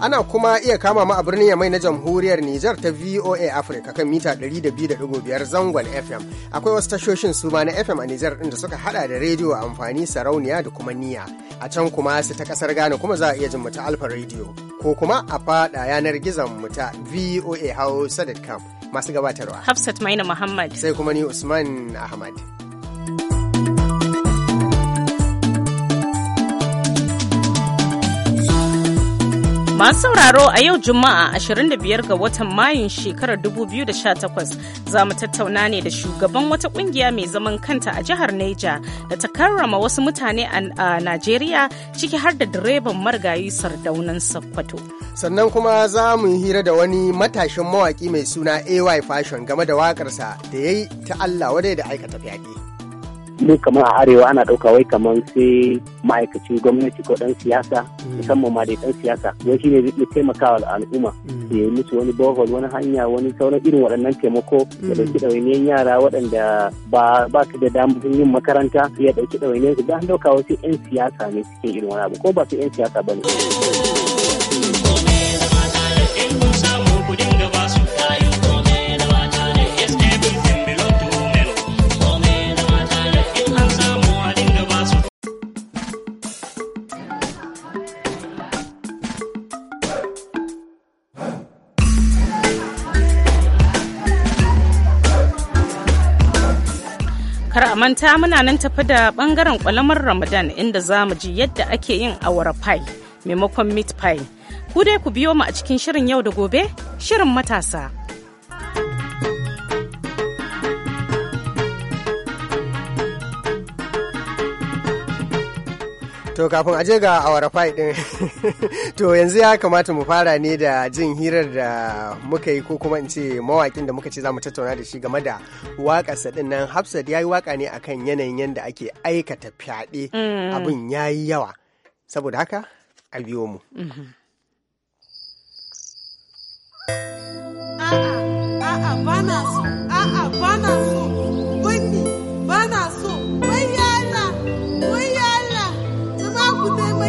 Ana kuma iya kama mu a birnin Yamai na Jamhuriyar Nijar ta VOA Africa kan mita 200.5 zangon FM. Akwai wasu tashoshin su na FM a Nijar ɗin da suka hada da rediyo amfani sarauniya da kuma niya. A can kuma su ta kasar Ghana kuma za a iya jin mu ta Alfa rediyo ko kuma a fada yanar gizon mu ta VOA Hausa.com masu gabatarwa. Hafsat Maina Muhammad. Sai kuma ni Usman Ahmad. Masu sauraro a yau Juma'a 25 ga watan Mayun shekarar 2018 za mu tattauna ne da shugaban wata kungiya mai zaman kanta a jihar Neja da ta karrama wasu mutane a Najeriya ciki har da direban marigayi sardaunan Sakkwato. Sannan kuma za mu hira da wani matashin mawaki mai suna AY Fashion game da waƙarsa da ya yi ta Allah wadai da aikata fyaɗe. mu kamar a arewa ana ɗauka wai kamar sai ma'aikacin gwamnati ko ɗan siyasa mm. musamman ma da ɗan siyasa shi ne zai iya taimakawa al'umma da mm. ya musu wani bohol wani hanya wani sauran irin waɗannan taimako da mm. ɗauki ɗawainiyan yara waɗanda ba ba su da damar yin makaranta ya ɗauki ɗawainiyan su da an ɗauka wasu 'yan siyasa ne suke irin wani abu ko ba su 'yan siyasa ba ne. manta muna nan tafi da bangaren kwalamar Ramadan inda za mu ji yadda ake yin awara pie maimakon meat pie. Ku dai ku biyo mu a cikin shirin yau da gobe, shirin matasa. To kafin aje ga awara fai din. to yanzu ya kamata mu fara ne da jin hirar da muka yi ko kuma in ce mawakin da muka ce zamu tattauna da shi game da waƙarsa din nan Hafsat yayi waka ne akan yanayin yanda ake aikata fyaɗe mm. abin yayi yawa. Saboda haka a biyo mu. Mm-hmm. A'a, a'a, bana so, a'a, bana so.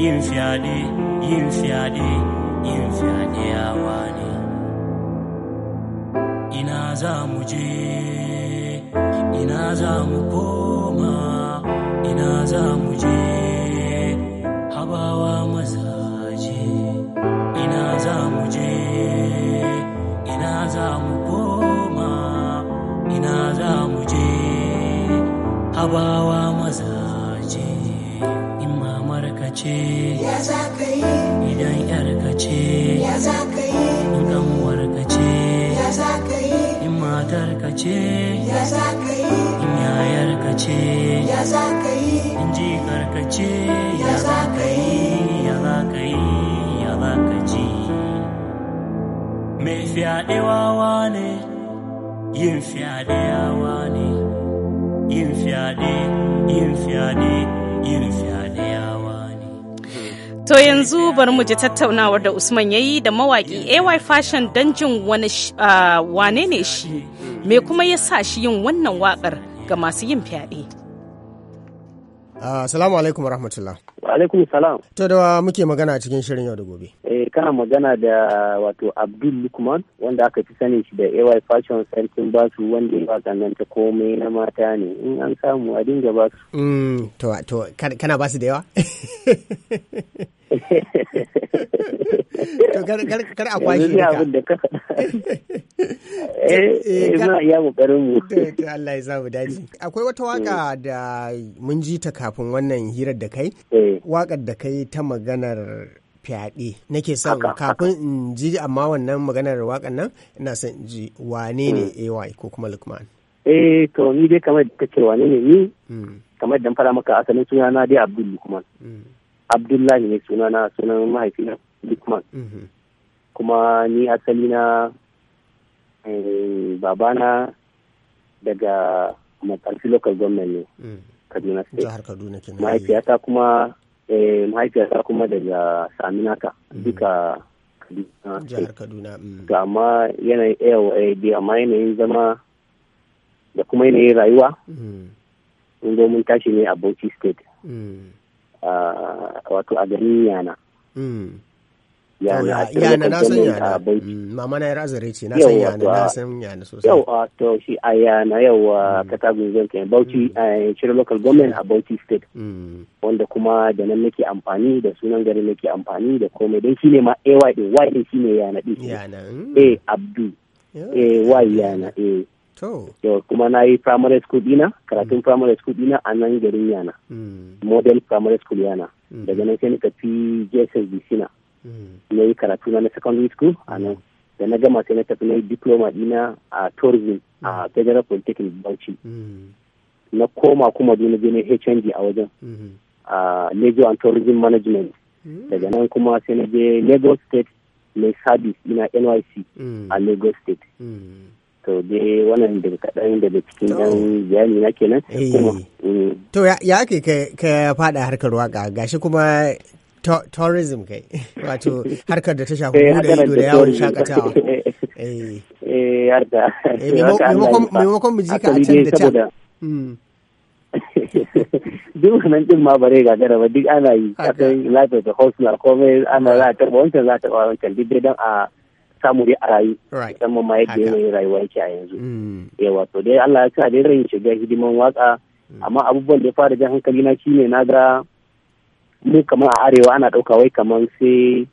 yin fyaɗe yin fyaɗe yin fyaɗe yawa ne ina za mu je ina za mu koma ina za mu je habawa mazaje ina za mu je ina za mu koma ina za mu je habawa warkace idan yar ka ce in kanwar ka ce in matar ka ce in yayar ka ce in jikar ka ce ya za ka yi ya za ka yi ya za ka ji mai fyaɗe ne yin fyaɗe ne yin fyaɗe yin fyaɗe yin fyaɗe To yanzu bari mu ji tattaunawar da Usman yayi da mawaƙi AY Fashion don jin wani ah, wane ne shi, me kuma ya sa shi yin wannan waƙar ga masu yin fyaɗe. Ah, Assalamu alaikum rahmatullah. alaikum salam to da muke magana cikin shirin yau da gobe eh kana magana da wato abdul lukman wanda aka fi sanin shi da ay fashion sarkin basu wanda ya nan ta komai na mata ne in an samu a dinga basu mm to to kana basu da yawa to kar a kwashe ka abin da eh, eh, eh, ka eh za a mu to Allah ya samu daji akwai wata waka da mun ji ta kafin wannan hirar da kai wakar da kai ta maganar fyaɗe nake son kafin in ji amma wannan maganar waƙar nan ina son in ji wane ne hmm. ay ko kuma lukman eh to ni dai kamar da kace wane ne ni hmm. kamar dan fara maka asalin suna na dai abdul lukman hmm. abdullahi ne sunana sunan mahaifina dukman mhm. kuma ni asali na eh, babana daga makarfi local government ne mm. kaduna state mahaifiyata kuma eh, mahaifiyata kuma daga saminaka mm. duka jihar kaduna ga mm. ma yanayin eh, amma yanayin zama da kuma yanayin rayuwa mun tashi ne a bauchi state wato a garin hmm. yana yana yana na san yana hmm, mama na razare ce na san yana na san yana sosai yawa to shi a yana yawa katagun hmm. zan kai bauchi a shirya eh, local government a bauchi state wanda kuma da nan nake amfani da sunan garin nake amfani da komai don shine ma ay din y din shine yana din yana eh abdu eh y yana eh To. kuma na yi primary school dina, karatun primary school dina a nan garin yana. Mm. Model primary school yana. Mm. Daga nan sai nika fi JSSB Sina. Mm. Na yi karatu na secondary school a nan. Da na gama sai na tafi na yi diploma dina a tourism a Federal Polytechnic Bauchi. Na koma kuma duna je na HND a wajen. Mm-hmm. A Leisure and Tourism Management. Daga nan kuma sai na je Lagos State na service ina NYC a Lagos State. to dai wannan daga kaɗan daga cikin ɗan bayani na kenan eh. mm. to ya ake ka faɗa harkar waka gashi kuma tourism kai wato harkar da ta shafi da eh, ido da yawon shakatawa eh. eh maimakon mu ka a can da can hmm. duk nan din ma bare gagara ba duk ana yi akan lafiya da hostel komai ana a wancan za ta wancan duk dai dan a samu dai a rayu musamman ma yadda yanayin rayuwa yake a yanzu hmm. yawa to dai Allah ya sa dai rin shiga hidiman waka hmm. amma abubuwan da ya fara jan hankali na shine na ga mu kamar a arewa ana ɗauka wai kamar sai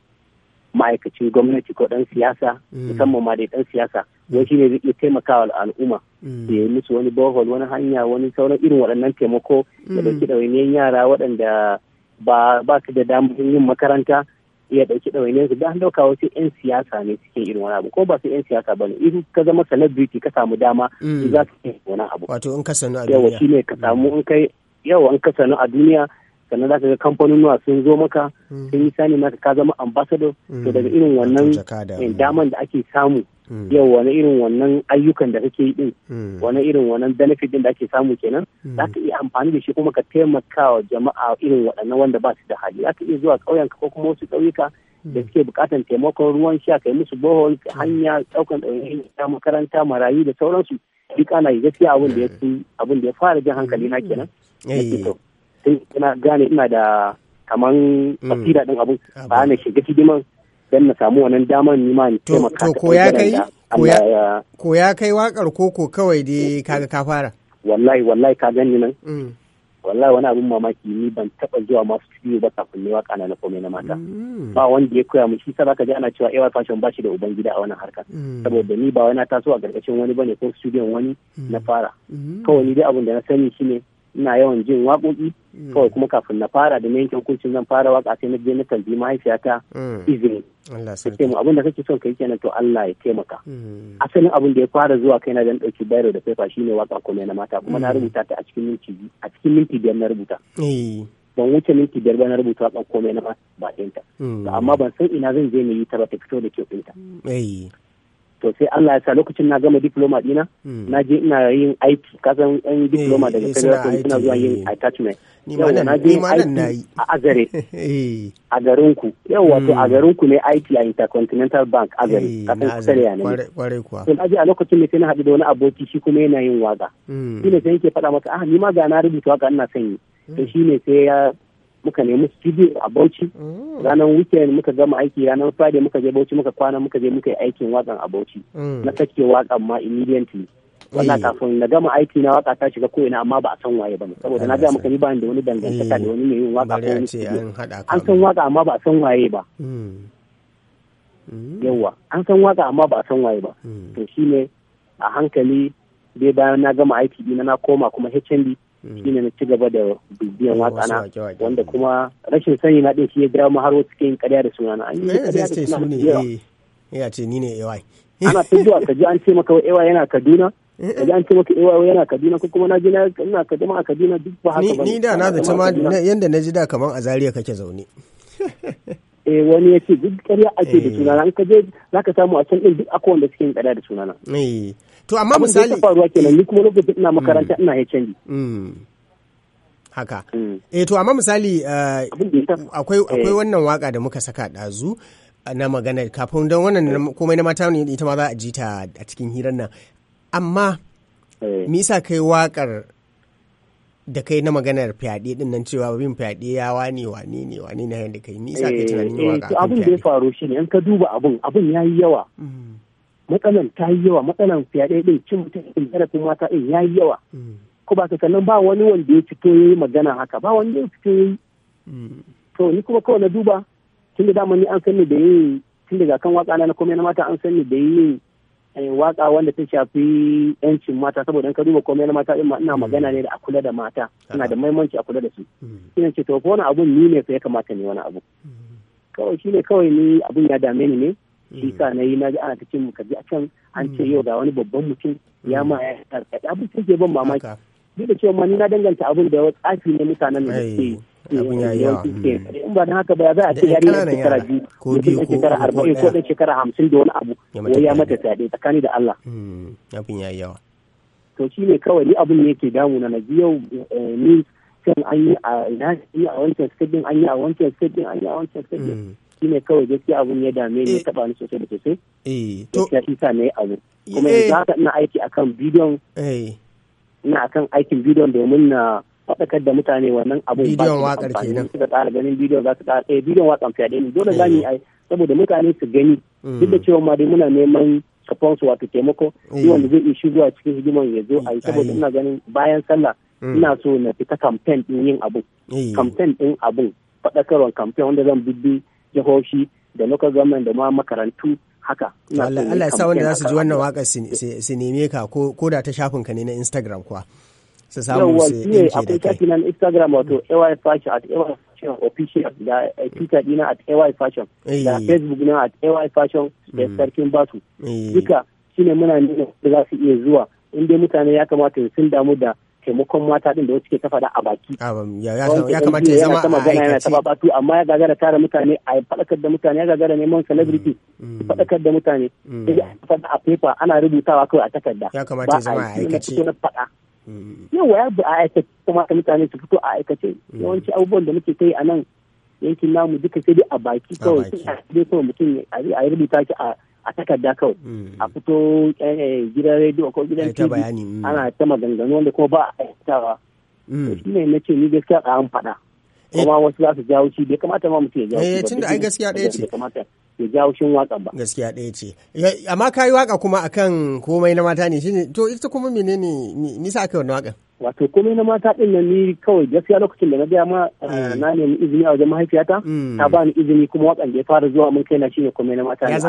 ma'aikacin gwamnati ko dan siyasa hmm. musamman ma dai ɗan siyasa wai shine zai iya taimakawa al'umma da ya musu wani bohol wani hanya wani sauran irin waɗannan taimako da ɗauki ɗawainiyar yara waɗanda ba su da damar yin makaranta iya ɗauki ɗawainiyar su an ɗauka wasu 'yan siyasa ne suke irin wani abu ko ba su 'yan siyasa ba ne in ka zama celebrity ka samu dama mm. za ka yi wani abu wato in ka sanu a duniya yawa ne ka samu in kai yawa in ka sanu a duniya sannan za ka ga kamfanonuwa sun zo maka mm. sun yi sani maka ka zama ambassador to mm. daga irin wannan daman da ake samu Mm. yau wani irin wannan ayyukan da kake yi din mm. wani irin wannan benefit din da ake samu kenan mm. za ka iya amfani da shi kuma ka taimakawa jama'a irin waɗannan wanda ba su da hali za ka iya zuwa ƙauyen ko kuma wasu ƙauyuka da suke buƙatar taimakon ruwan sha kai musu bohol hanya ɗaukan ɗauyin makaranta marayu da sauransu duk ana yi gaskiya abin da ya fi abin da ya fara jan hankali na kenan sai ina gane ina da kaman basira din abin ba na shiga hidiman don na samu wannan damar ni ma taimaka to ko ya kai ko ya kai wakar koko kawai dai kaga ka fara wallahi wallahi ka gani nan mm. wallahi wani abin mamaki ni ban taba zuwa masu studio ba kafin ne waka na komai na mata mm. ba wanda ya koya mu shi sa zaka ji ana cewa AY fashion ba shi da ubangida a wannan harka mm. saboda ni ba wai na taso a gargashin wani bane ko studio wani na fara kawai ni dai abin da na sani shine ina yawan jin waƙoƙi mm. kawai kuma kafin na fara da yanke hukuncin zan fara waka sai na je na tambayi mahaifiyata mm. izini sai mu abin da kake son kai kenan to Allah ya taimaka mm. asalin abin da ya fara zuwa kai na dan dauki bayro da paper ne waka kuma na mata kuma na rubuta ta a cikin minti a cikin minti biyar na rubuta eh. ban wuce minti biyar ba na rubuta wakan komai na ba ɗinta amma ban san ina zan je na yi ta ba ta fito da kyau ɗinta eh. to sai Allah ya sa lokacin na gama diploma dina hmm. na je ina yin IT kasan yan diploma eh, daga eh, Federal to ina zuwa yin attachment yawa na je IT a Azare eh. a garin ku yawa to a hmm. garin ku ne IT a Intercontinental Bank Azare kasan kusuriya ne to na je a lokacin ne sai na haɗu da wani aboki shi kuma yana yin waga hmm. shi ne sai yake faɗa masa ah ni ma ga na rubuta waka ina son yi to shi ne sai ya muka nemi studio a Bauchi mm. ranar weekend muka gama aiki ranar Friday muka je Bauchi muka kwana muka je muka yi aikin watsan a Bauchi mm. na sake watsa ma immediately wannan eh. kafin na gama aiki na waka ta shiga ko'ina amma ba a san waye ba saboda na ga maka ni ba da wani dangantaka da eh. wani mai yin waka ko an san waka amma ba a san waye ba mm. yawa an san waka amma ba a san waye ba to shine a hankali dai bayan na gama aiki dina na koma kuma HND Mm. shi ne na ci gaba da bibiyan watsana wanda kuma rashin sani na ɗin shi ya jawo har wasu ke yin ƙarya da suna na an yi eh, ya ce ni ne ay ana zuwa ka ji an ce maka ay yana kaduna eh, eh. kaji an ce maka ay yana kaduna ko kuma na ji ina kaduna a kaduna duk ba haka ba ni da na zata ma yanda na ji da kaman a zaria kake zaune eh wani ya ce duk ƙarya ake da sunana an ka je za ka samu a can ɗin duk akwai wanda suke yin ƙarya da sunana to amma misali faruwa kenan ni kuma lokacin ina mm. makaranta ina ya canji mm. haka mm. eh to amma misali uh, akwai akwai eh. wannan waka da muka saka dazu uh, na maganar kafin don wannan eh. komai na mata ne ita ma za a ji ta a cikin hirar nan amma eh. me yasa kai wakar da kai na maganar fyaɗe din nan cewa bin fyaɗe ya wane wane ne wane ne da kai nisa kai tunanin yawa ga abin da ya faru shi ne in ka duba abin abin ya yi yawa matsalan ta yi yawa matsalan fyaɗe ɗin cin mutum ɗin zarafin mata ɗin ya yi yawa mm. ko ba sannan ba wani wanda ya fito ya yi magana haka ba wanda ya fito ya yi mm. to ni kuma kawai na duba tun da dama ni an sani da yin tun daga kan waka na komai na mata an sani da yin eh, waka wanda ta shafi yancin mata saboda ka duba komai na mata ina mm. magana ne da a kula da mata ina da ah. maimanci a kula da su ina ce to wani abun ni ne ya kamata ni wani abu kawai shine kawai ni abun ya dame ni ne shi sa na yi na ji ana ta mu ji a can an ce yau ga wani babban mutum ya ma ya karkaɗe abin da ke ban mamaki duk da cewa ma na danganta abin da wani tsafi na mutanen da ke abin ya yawa hmm. in ba na haka ba za a ce yari na shekara biyu ko biyu ko shekara arba'in ko ɗan shekara hamsin da wani abu ko ya mata fyaɗe tsakani da Allah hmm, abin ya yawa to shi ne kawai ni abin ne yake damuna na ji yau eh, ni kan an yi a wancan state an yi a wancan state an yi a wancan state shi ne kawai gaskiya abun ya dame ni eh. taba ni sosai da sosai eh, to ya fi sa ne abu kuma eh. yanzu haka ina aiki akan bidiyon ina akan aikin bidiyon domin na faɗakar da mutane wannan abun bidiyon wakar kenan suka tsara ganin bidiyon za su tsara eh bidiyon wakan fiye ne dole za ni ai saboda mutane su gani mm. duk da cewa ma dai muna neman kafansu wato taimako shi mm. wanda zai iya shigowa cikin hidiman ya zo ai saboda ina ganin bayan sallah mm. ina so na fita kamfen din yin abu kamfen din abun faɗakarwar kamfen wanda zan bibbi jihohi da local government da ma makarantu haka. Allah ya sa wanda za su ji wannan waka su neme ka ko da ta shafin ka ne na Instagram kuwa. Su samu su ɗinke da kai. Akwai na Instagram wato AY Fashion at AY Fashion official da eh, Twitter dina at AY Fashion da Facebook na at AY Fashion da mm. Sarkin Batu. Duka shine muna nuna za su iya zuwa in dai mutane ya kamata sun damu da taimakon mata din da wasu ke ta faɗa a baki. Ah, ya kamata ya zama a aikace. Yana ta babatu amma ya gagara tara mutane a faɗakar da mutane ya gagara neman celebrity su mm. faɗakar da mutane. Mm. Faɗa a paper ana rubutawa kawai a takarda. Ya kamata ya zama a aikace. Mm. Yawa ya a aikace kamata mutane su fito a aikace yawanci abubuwan da muke ta yi a nan yankin namu duka sai dai a baki kawai sai a mutum a yi rubuta shi a a takarda kawai mm. a fito eh, gidan rediyo ko gidan tv mm. ana ta maganganu wanda kuma ba a aikatawa mm. shi ne na ce ni gaskiya a an faɗa eh. kuma wasu za su jawo shi bai kamata ma mutum ya jawo shi ba eh, da ai gaskiya ɗaya ce ya ji haushin waka ba gaskiya ɗaya ce amma ka yi waka kuma akan komai na mata ne shine to ita kuma ne nisa aka wannan waka. wato komai na mata ɗin nan ni kawai gaskiya lokacin da na biya ma mm. eh, na nemi izini a wajen mahaifiyata mm. ta ba ni izini kuma wakan da ya fara zuwa mun kai shi shine komai na mata ya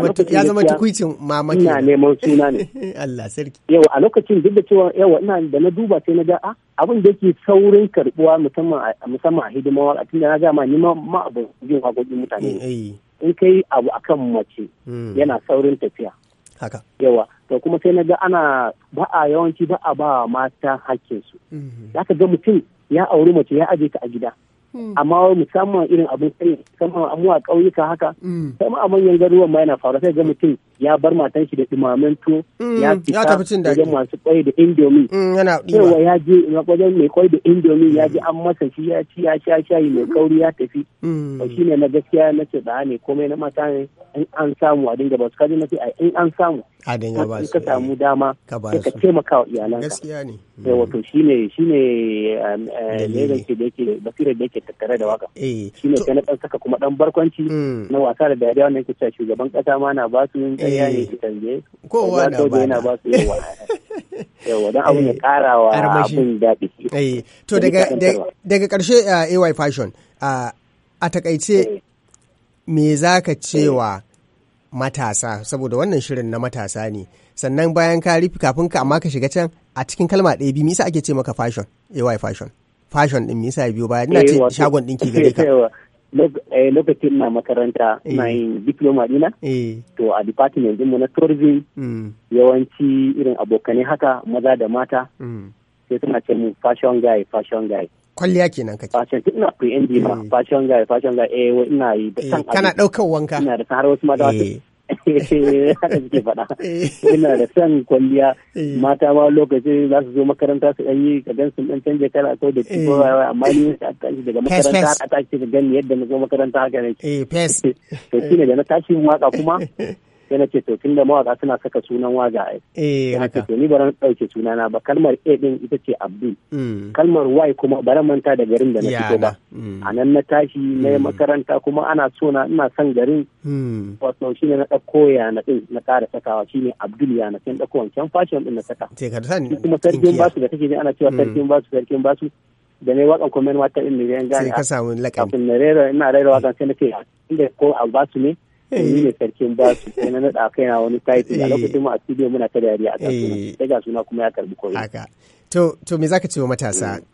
zama tukuicin mamaki ina neman suna ne Allah sarki yau a lokacin duk da cewa yau ina da na duba sai na ga a ah, abin da yake saurin karbuwa musamman a hidima waka tunda na ga ma ni ma abin jin waƙoƙin mutane in ka yi abu kan mace hmm. yana saurin tafiya haka yawa to kuma sai na ga ana ba a yawanci ba a ba mata hakkinsu hmm. zaka ga mutum ya auri mace ya aje ta a gida hmm. amma musamman irin abin sai musamman amuwa ƙauyuka haka sai ma a manyan garuruwan ma yana faruwa sai ga mutum ya bar matan shi da dumamen tuwo mm, ya cin daji masu kwai da indomi cewa mm, ya je wajen mai kwai da indomi ya ji mm. an masa shi ya ci ya sha shayi mai kauri ya tafi to shine na gaskiya na ce da ne komai na mata ne in an samu a dinga ba su kaji na ce in an samu a dinga ba su ka eh, samu dama ka taimaka wa iyalanka gaskiya ne wato shine shine ne da ke da yake basira da yake tattare da waka eh, shine sai na dan saka kuma dan barkwanci na wasa da dariya wannan ke cewa shugaban kasa ma na ba su ka ne eh, kitan je kowa na ba yana ba su yawa yawa don abin ya ƙara wa dadi eh to daga ƙarshe uh, AY fashion uh, a takaice eh. me za ka cewa eh. matasa saboda wannan shirin na matasa ne sannan bayan ka rufe kafin ka amma ka shiga can a cikin kalma ɗaya biyu misa ake ce maka fashion ay fashion fashion din misa biyu baya ina ce shagon ɗinki gare ka Eh, lokacin na makaranta eh. na yin diploma dina eh. to a department mu na tourism mm. yawanci irin abokane haka maza da mata mm. sai suna ce mu fashion guy fashion guy kwalliya kenan kake fashion duk na pre-end ba fashion guy fashion guy eh ina yi da san kana daukar wanka ina da har wasu wasu Eh, haka suke faɗa eh. ina da san kwalliya eh. mata ma lokaci za su zo makaranta su ɗan yi ka gan sun ɗan canje kala ko da ci amma ni sai ka tashi daga makaranta haka tashi ga gani yadda na zo makaranta haka ne eh pes to shine da na tashi waka kuma sai na ce to tunda mawaka suna saka sunan waga ai eh haka to ni baran dauke sunana ba kalmar a din ita ce abdul mm. kalmar y kuma baran manta da garin da na fito ba mm. a nan na tashi na mm. makaranta kuma ana so na ina son garin wato shine na dauko ya na din na ƙara sakawa shine abdul ya na sai dauko wancan fashion din na saka sai ka kuma sarkin basu da kake ji ana cewa sarkin basu sarkin basu da ne wakan kuma wata in ne gane sai ka samu lakam kafin na rera ina rera wakan sai na ce inda ko basu ne ni ne sarkin basu sai na kai na wani title a eh. lokacin mu a studio muna ta dariya a kasuwa eh. sai ga suna kuma ya karbi koyi haka to to me zaka ce wa matasa mm.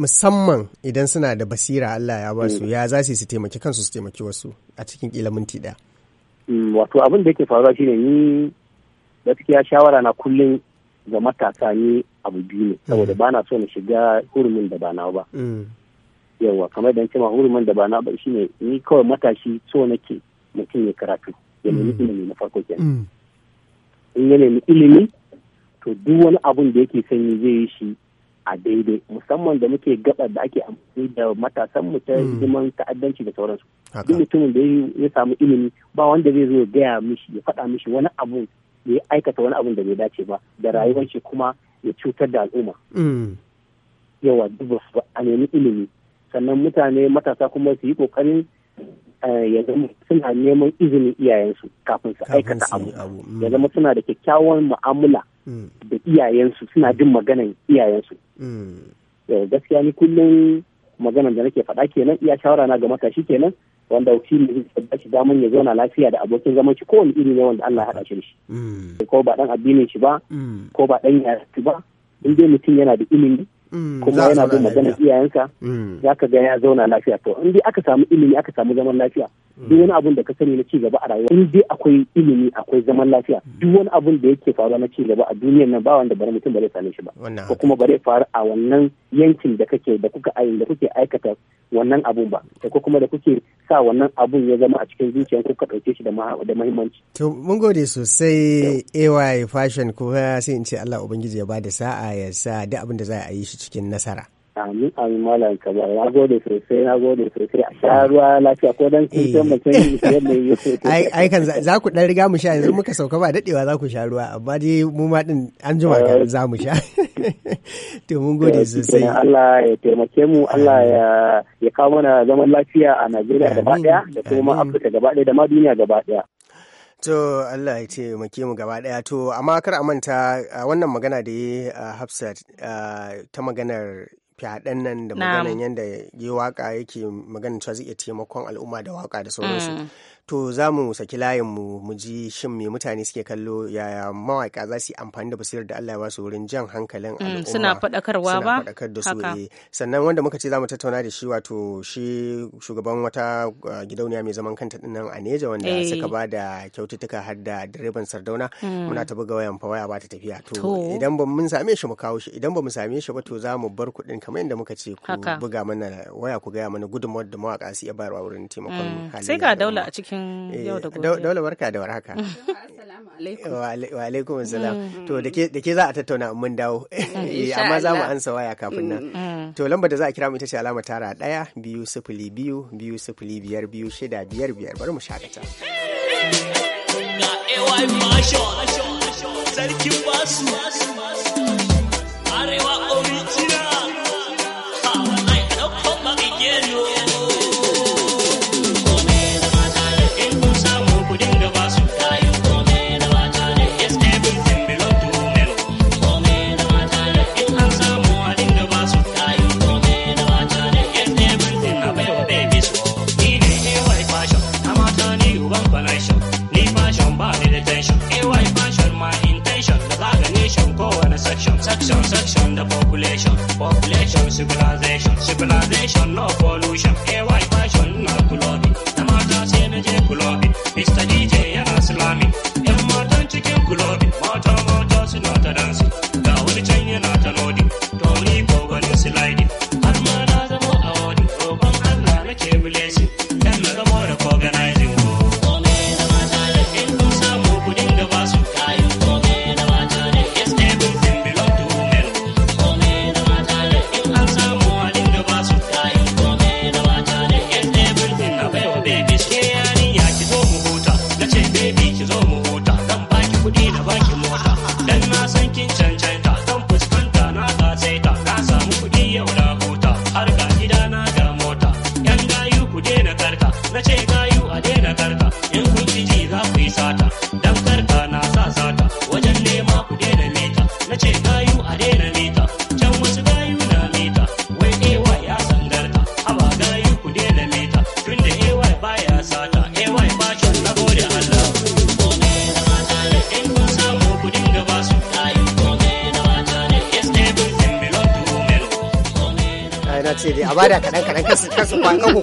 musamman idan suna da basira Allah ya ba su mm. ya za su taimaki kansu su taimaki wasu a cikin kila minti da mm, wato abin da yake faruwa shine ni gaskiya shawara na kullum ga matasa ni abu biyu ne saboda ba na so na shiga hurumin da ba na ba yawa kamar da ce ma hurumin da ba na ba shine ni kawai matashi so nake mutum ya karatu ya nemi mm. ilimi na farko kenan mm. in ya nemi ilimi to duk wani abun da yake sanyi zai yi shi a daidai musamman da muke gaba da ake amfani da matasan mu ta mm. ta'addanci da sauransu duk mutumin da ya samu ilimi ba wanda zai zo gaya mishi ya faɗa mishi wani abu da ya aikata wani abun da bai dace ba da rayuwar shi kuma ya cutar da al'umma yawa duba a nemi ilimi sannan mutane matasa kuma su yi kokarin Eh, ya zama suna neman izinin iyayensu kafin su aikata abu ya mm. zama suna da kyakkyawan mu'amala mm. da iyayensu suna jin maganan iyayensu mm. eh, gaskiya ni kullum maganan da nake faɗa kenan iya shawara na ga matashi kenan wanda shi ne zai shi daman ya zauna lafiya da abokin zaman shi kowane iri ne wanda Allah ya haɗa shi da shi ko ba dan addinin shi ba ko ba dan yaya shi ba in dai mutum yana da ilimi Mm, kuma yana bin magana iyayensa mm. za ka ga ya zauna lafiya to in dai aka samu ilimi aka samu zaman lafiya mm. duk wani abun da ka sani na cigaba a rayuwa in dai akwai ilimi akwai zaman lafiya duk wani abun da yake faruwa na gaba a duniyar nan ba wanda bari mutum ba zai same shi ba ko kuma ba faru a wannan yankin da kake da kuka ayin da kuke aikata wannan abun ba ko kuma da kuke sa wannan abun ya zama a cikin zuciyar ku ka ɗauke shi da muhimmanci. to mun gode sosai ay fashion ko sai in ce Allah ubangiji ya bada sa'a ya sa duk abin da za a yi shi cikin nasara. Amin amin malam kabar na gode sosai na gode sosai a sha ruwa lafiya ko dan sun san mutum yadda yi sosai. Eh, ai kan za ku dan riga mu sha yanzu muka sauka ba dadewa za ku sha ruwa amma dai mu ma din an jima eh. ka za mu sha to mun gode eh, sosai Allah ya taimake mu Allah ya ya kawo mana zaman lafiya a Najeriya gaba daya da kuma Afirka gaba daya da ma duniya gaba daya To Allah ya ce maki mu gaba daya to amma kar a manta wannan magana da a Hafsat ta maganar fyaɗen nan da maganan yadda yi waka yake maganin cewa zai iya taimakon al'umma da waka da sauransu mm. to za mu saki layin mu mu ji shin me mutane suke kallo yaya mawaƙa za su yi amfani da basirar da Allah ya basu wurin jan hankalin mm, al'umma suna faɗakarwa ba suna faɗakar da su eh. sannan wanda muka ce za mu tattauna da shi wato shi shugaban wata uh, gidauniya mai zaman kanta nan a Neja wanda eh. suka ba da kyaututtuka har da direban Sardauna mm. muna ta buga wayan fawaya ba ta tafiya to idan ba mun same shi mu kawo shi idan ba mu same shi ba to za mu bar kuɗin kamar yadda muka ce ku buga mana waya ku gaya mana gudunmawar da mawaka su iya bayarwa wurin taimakon mm, halin sai ga daula a cikin cikin yau da gobe. Dole barka da warhaka. Wa alaikum salam. To da ke za a tattauna mun dawo. Amma za mu ansa waya kafin nan. To lambar da za a kira mu ita ce alama tara ɗaya biyu sifili biyu biyu sifili biyar biyu shida biyar biyar bari mu shakata. Sarkin basu.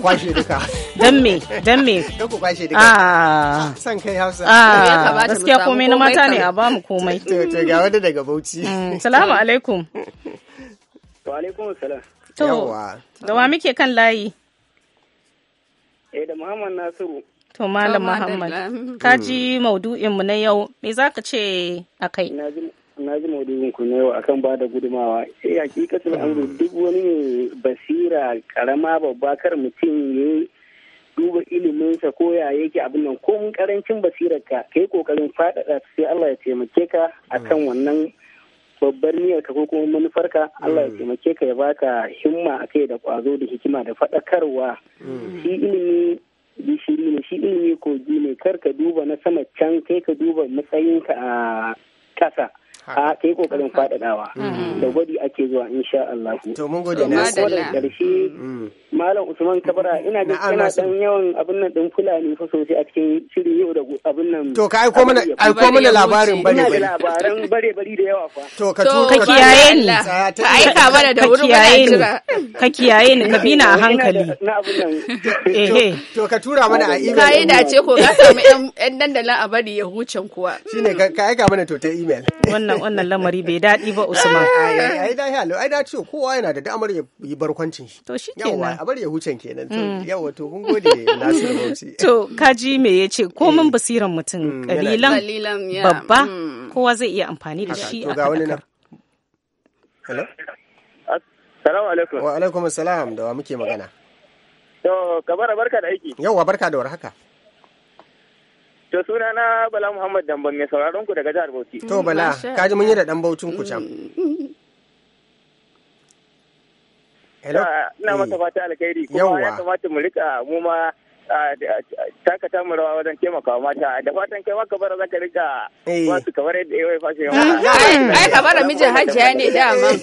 kwashe duka Don me don me Don ku kwashe duka ah san kai Hausa ah gaskiya komai na mata ne a bamu komai to to ga wani daga Bauchi mm, salamu alaikum wa alaikum salam to da wa muke kan layi eh da Muhammad Nasiru To Malam Muhammad, ka ji mm. maudu'inmu na yau, me za ka ce a kai? Na ji na ji maudu'in ku yau akan ba da gudumawa eh hakikatin amru duk wani basira karama babba kar mutum ya duba iliminsa ko ya yake abin nan ko karancin basirar ka kai kokarin faɗaɗa sai Allah ya taimake ka akan wannan babbar niyyar ka ko kuma manufar ka Allah ya taimake ka ya baka himma akai da kwazo da hikima da faɗakarwa shi ilimi gishiri ne shi ilimi kogi ne kar ka duba na sama can kai ka duba matsayinka a kasa a ta yi kokarin faɗaɗawa mm-hmm. da gwadi ake zuwa insha Allah to mun gode na sallah karshe malam Usman Kabara ina ga kana dan yawan abin nan din Fulani fa sosai a cikin shiri yau da abin nan to ka aiko mana aiko mana labarin bare bare labaran bare bare da yawa fa to ka to ka kiyaye ni ka aika mana da wuri ka jira ka kiyaye ni ka bi na a hankali na abin nan eh, eh to ka tura mana a email kai da ce ko ka samu ɗan dandalin a bari ya huce kuwa shine ka aika mana to ta email wannan wannan lamari bai daɗi ba Usman. Eh, eh, eh, ai da halo ai da ciwo kowa yana da damar ya yi barkwancin shi. To shi kenan. Yawwa a bar ya hucen kenan. Mm. Yawwa to kun gode Nasiru To To kaji me yace komin basiran mutum kalilan mm, babba mm. kowa zai iya amfani da shi a kadakar. Hello. Assalamu alaikum. Wa alaikum assalam da wa muke magana. To kabara barka da aiki. Yawwa barka da warhaka. haka. To suna na Bala Muhammad Damban mai sauraron ku daga jihar Bauchi. To Bala, ka ji mun yi da dan Bauchin ku can. Hello. Na mata eh, fata alkhairi kuma ya kamata mu rika mu ma taka ta rawa wajen taimaka mata da fatan kai maka bara zaka rika wasu eh. kamar yadda yawai fashe yawa ai ka bara mijin hajiya ne dama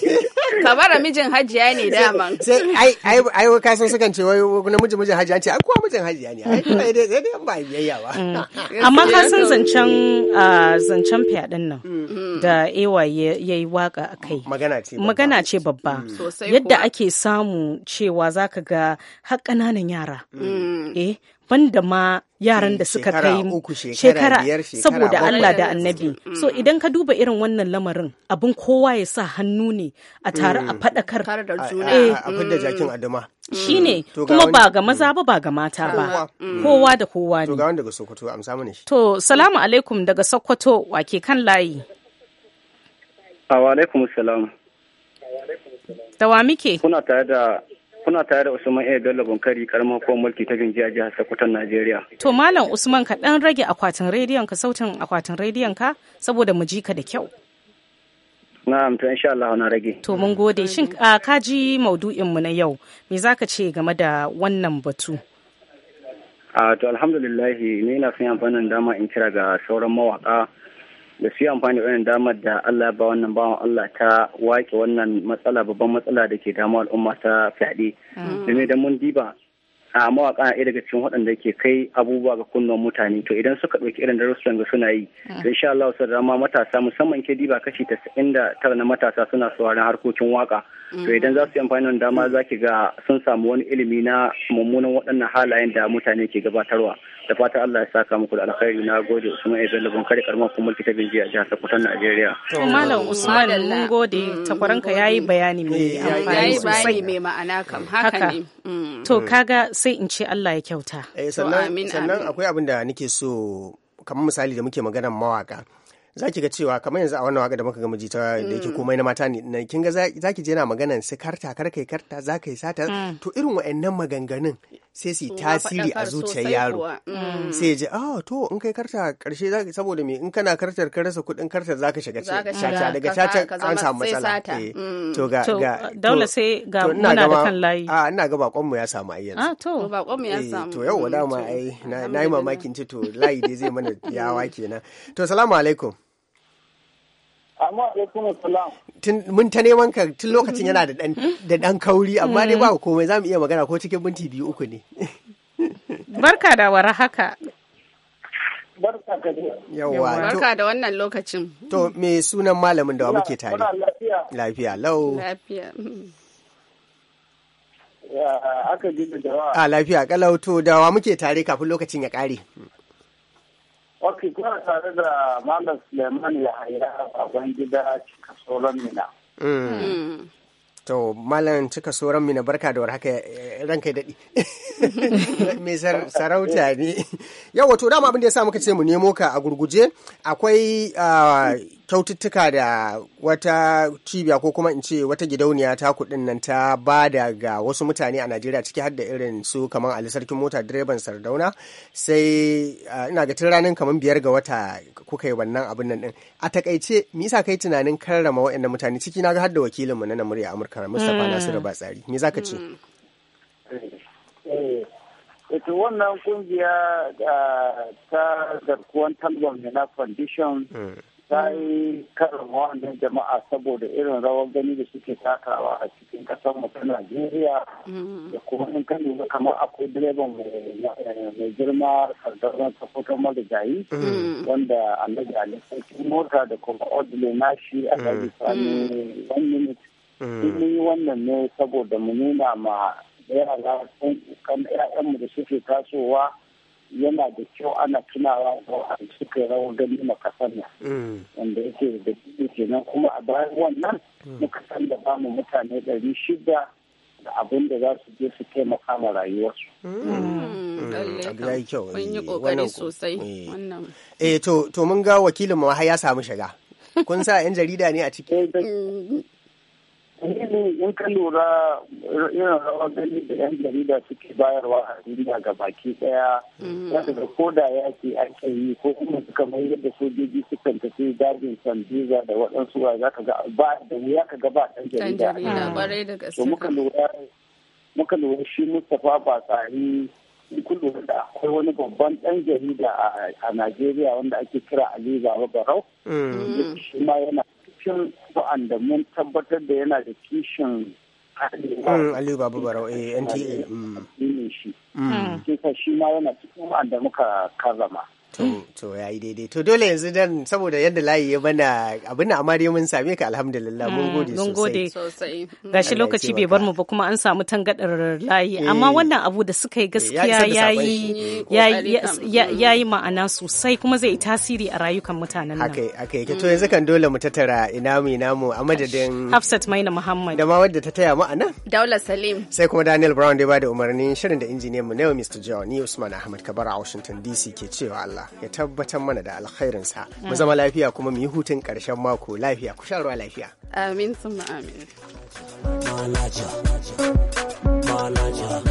ka bara mijin hajiya ne dama sai ai ai ai ka san sukan ce wai na mijin mijin hajiya ce ai kuwa mijin hajiya ne ai sai dai dai ba yayya ba mm. amma ka san zancen zancen fiyadin nan mm. Mm. da ewa yayi waka akai magana ce magana ce babba yadda ake samu cewa zaka ga har ƙananan yara eh banda ma yaran da suka kai shekara saboda Allah da annabi so mm. idan ka duba irin wannan lamarin abin kowa ya sa hannu ne a tare a mm. faɗakar da eh. jakin adama mm. shine kuma ba ga maza ba ba ga mata ba kowa da kowa ne to daga Sokoto to salamu alaikum daga Sokoto wake kan layi wa alaikum salam da wa muke kuna tare da kuna tare da Usman A. Bello Bunkari karamar ko mulki ta a jihar Sokoton Najeriya. To Malam Usman ka dan rage akwatin rediyon ka sautin akwatin rediyon ka saboda mu ji ka da kyau. Na'am to insha Allah na rage. To mun gode shin ka ji maudu'in mu na yau me zaka ce game da wannan batu? A to alhamdulillah ni na son amfanin dama in kira ga sauran mawaka da su amfani da damar da Allah ba wannan bawan Allah ta wake wannan matsala babban matsala da ke damu al'umma ta fyaɗe. Dame damun mun diba a mawaka na daga cikin waɗanda ke kai abubuwa ga kunnuwan mutane to idan suka ɗauki irin darussan ga suna yi hmm. to insha Allah su rama matasa musamman ke diba kashi tasa'in da tara na matasa suna sauraron harkokin waka to idan za su yi amfani da dama za ga sun samu wani ilimi na mummunan waɗannan halayen da mutane ke gabatarwa da fatan Allah ya saka muku da alkhairi na gode Usman Ibn Labon kare karman kuma mulki ta Binjiya jihar Sokoto Najeriya to malam Usman mun gode hmm, takwaranka yayi bayani mai eh, amfani sosai mai ma'ana kam haka ne hmm. to kaga sai in ce Allah ya kyauta eh, sannan akwai abin da nake so kamar misali da muke maganar mawaka za ki ga cewa kamar yanzu a wannan waka da muka ga miji ta da yake mm. komai na mata ne kin ga za ki je na maganan su karta kar kai karta za ka yi sata mm. to irin wa'annan maganganun sai su tasiri a zuciyar yaro mm. sai ji ah to in kai karta karshe za saboda me in kana kartar ka rasa kuɗin kartar ka shiga caca daga caca an samu matsala eh, to ga ga uh, dole sai ga muna da kan layi a ina ga bakon mu ya samu ai yanzu ah to bakon mu ya eh, samu to yau wala ma ai na yi mamakin ci to layi dai zai mana yawa kenan to salamu alaikum Amma alaikum salam. Mun ta neman ka tun lokacin yana da ɗan kauri amma dai ba mm. komai za mu iya magana ko cikin minti biyu uku ne. Barka da war haka. Barka ka Yawwa. Barka da wannan lokacin. To me sunan malamin da wa muke tare? Lafiya. lau. Lafiya. Mm. Aka da A ah, lafiya kalau to da wa muke tare kafin lokacin ya kare. Ok, kuna tare da Malam Suleiman Yahaya a gida cika sauran mina. Mm. To, Malam cika sauran mina barka da warhaka ranka daɗi. Mai sarauta ne. Yau wato dama abin da ya sa muka ce mu nemo ka a gurguje akwai ah, kyaututtuka da wata cibiya ko kuma in ce wata gidauniya ta kuɗin nan ta bada ga wasu mutane a najeriya ciki har da irin su kamar ali sarkin mota direban sardauna sai ah, ina ga tun ranar kamar biyar ga wata kuka yi wannan abin nan din a takaice me yasa kai tunanin karrama waɗannan mutane ciki na ga har da wakilinmu na na murya amurka mustapha mm. nasiru batsari me zaka ce ita mm. eh, eh, wannan kungiya ah, ta garkuwan talban na foundation mm. ta yi karin wa'annan jama'a saboda irin rawar gani da suke takawa a cikin kasar mu ta Najeriya mm-hmm. da kuma in kan lura kamar akwai direban mai girma sardaran safoton marigayi mm-hmm. wanda annabi Ali sarkin mota da kuma ordile nashi mm-hmm. a ɗari sani one minute. Sun yi wannan ne saboda mu nuna ma yara sun kan mu da suke tasowa. yana da kyau ana tunawa da suka rawar gani na kasar nan mm. wanda yake da kenan kuma a bayan wannan mm. muka san da ba mu mutane ɗari shida da abin da za su je su taimaka ma rayuwarsu. Mm. kyau. Eh, sosai Eh, eh to mun ga wakilin mu ya samu shiga. Kun sa 'yan jarida ne a ciki. Eh, Dalilin in ka lura irin rawar gani da 'yan jarida suke bayarwa a duniya ga baki daya ya mm-hmm. daga koda ya ke ake yi ko kuma suka mai yadda sojoji suka tafi dajin sandiza da waɗansu wa za ka ga ba da wuya ka ga ba ɗan jarida. Ɗan ah. muka lura muka lura shi Mustapha ba tsari kullum da akwai wani babban ɗan jarida a Najeriya wanda ake kira Ali babarau Barau. Mm. Shi ma yana cikin wa'anda mun tabbatar da yana da kishin Aliyu mm, Babu Barau, eh, NTA. Mm. Mm. Shi ma yana cikin da muka karrama. to ya yi daidai to dole yanzu dan saboda yadda layi ya bana abin da amariya mun same ka alhamdulillah mun mm, gode sosai mun gode sosai gashi lokaci bai bar mu ba kuma an samu tangadar layi amma eh. wannan abu da suka yi eh, gaskiya ya yi mm. ma'ana sosai kuma zai yi tasiri a rayukan mutanen nan haka yake to mm. yanzu kan dole mu tattara ina mu ina mu a madadin Hafsat Maina Muhammad da ma wadda ta taya mu Daula Salim sai kuma Daniel Brown dai ba bada umarnin shirin da injiniyan mu ne Mr. John ni Usman Ahmad Kabara a Washington DC ke cewa Allah ya tabbatar mana da alkhairinsa mu zama lafiya kuma mu yi hutun ƙarshen mako lafiya ku sha ruwa lafiya amin summa amin manaja manaja